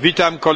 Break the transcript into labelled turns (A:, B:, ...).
A: Witam koleżanki.